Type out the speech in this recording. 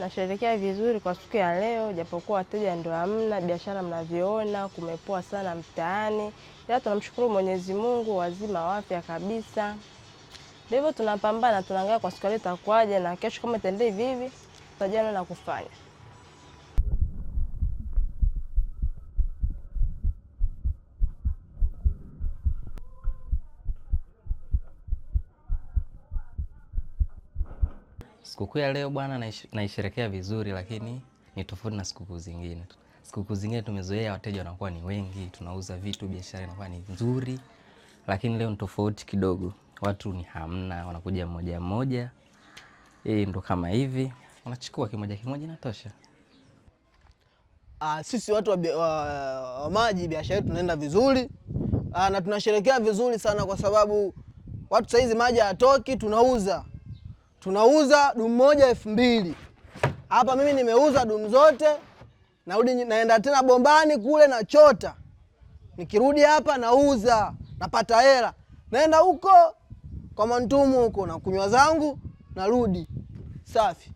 Nasherehekea vizuri kwa siku ya leo, japokuwa wateja ndio hamna, biashara mnavyoona kumepoa sana mtaani, ila tunamshukuru Mwenyezi Mungu, wazima wa afya kabisa. Ndivyo tunapambana tunaangalia kwa siku ya leo itakuwaje, na kesho kama itaendelea hivi hivi, tutajana na kufanya Sikukuu ya leo bwana, naisherekea vizuri, lakini ni tofauti na sikukuu zingine. Sikukuu zingine tumezoea wateja wanakuwa ni wengi, tunauza vitu, biashara inakuwa ni nzuri, lakini leo ni tofauti kidogo. Watu ni hamna, wanakuja mmoja mmoja, hii ndo kama hivi, wanachukua kimoja kimoja, inatosha. Ah, sisi watu wa, wa, wa maji biashara yetu tunaenda vizuri ah, na tunasherekea vizuri sana kwa sababu watu saizi maji hayatoki, tunauza tunauza dumu moja elfu mbili hapa. Mimi nimeuza dumu zote, narudi naenda tena bombani kule na chota nikirudi hapa nauza, napata hela, naenda huko kwa Mwantumu huko na kunywa zangu, narudi safi.